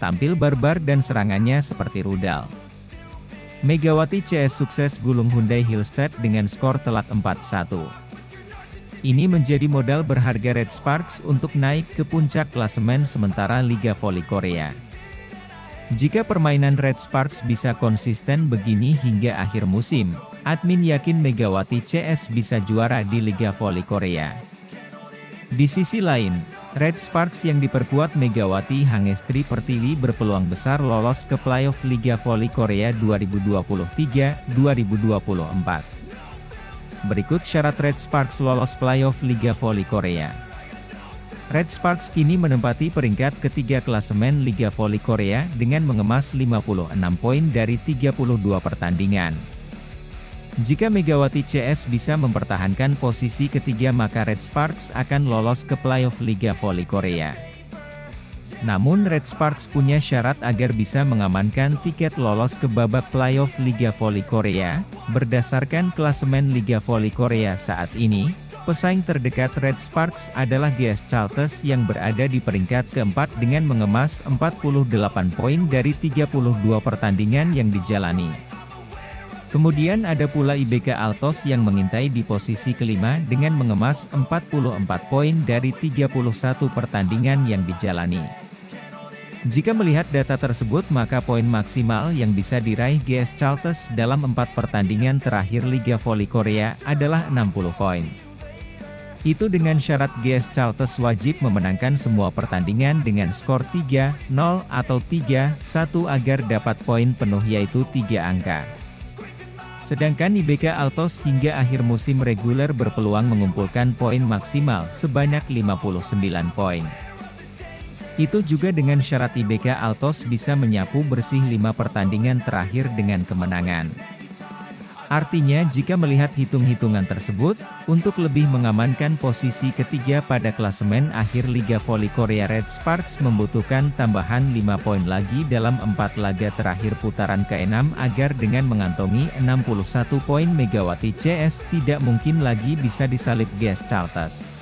tampil barbar dan serangannya seperti rudal. Megawati CS sukses gulung Hyundai Hillstead dengan skor telak 4-1. Ini menjadi modal berharga Red Sparks untuk naik ke puncak klasemen sementara Liga Voli Korea. Jika permainan Red Sparks bisa konsisten begini hingga akhir musim, admin yakin Megawati CS bisa juara di Liga Voli Korea. Di sisi lain, Red Sparks yang diperkuat Megawati Hangestri Pertiwi berpeluang besar lolos ke playoff Liga Voli Korea 2023-2024. Berikut syarat Red Sparks lolos playoff Liga Voli Korea. Red Sparks kini menempati peringkat ketiga klasemen Liga Voli Korea dengan mengemas 56 poin dari 32 pertandingan. Jika Megawati CS bisa mempertahankan posisi ketiga maka Red Sparks akan lolos ke playoff Liga Voli Korea. Namun Red Sparks punya syarat agar bisa mengamankan tiket lolos ke babak playoff Liga Voli Korea. Berdasarkan klasemen Liga Voli Korea saat ini, pesaing terdekat Red Sparks adalah GS Chalters yang berada di peringkat keempat dengan mengemas 48 poin dari 32 pertandingan yang dijalani. Kemudian ada pula IBK Altos yang mengintai di posisi kelima dengan mengemas 44 poin dari 31 pertandingan yang dijalani. Jika melihat data tersebut maka poin maksimal yang bisa diraih GS Chaltes dalam 4 pertandingan terakhir Liga Voli Korea adalah 60 poin. Itu dengan syarat GS Chaltes wajib memenangkan semua pertandingan dengan skor 3-0 atau 3-1 agar dapat poin penuh yaitu 3 angka. Sedangkan IBK Altos hingga akhir musim reguler berpeluang mengumpulkan poin maksimal sebanyak 59 poin. Itu juga dengan syarat IBK Altos bisa menyapu bersih lima pertandingan terakhir dengan kemenangan. Artinya jika melihat hitung-hitungan tersebut, untuk lebih mengamankan posisi ketiga pada klasemen akhir Liga Voli Korea Red Sparks membutuhkan tambahan 5 poin lagi dalam 4 laga terakhir putaran ke-6 agar dengan mengantongi 61 poin Megawati CS tidak mungkin lagi bisa disalip Gas Chartas.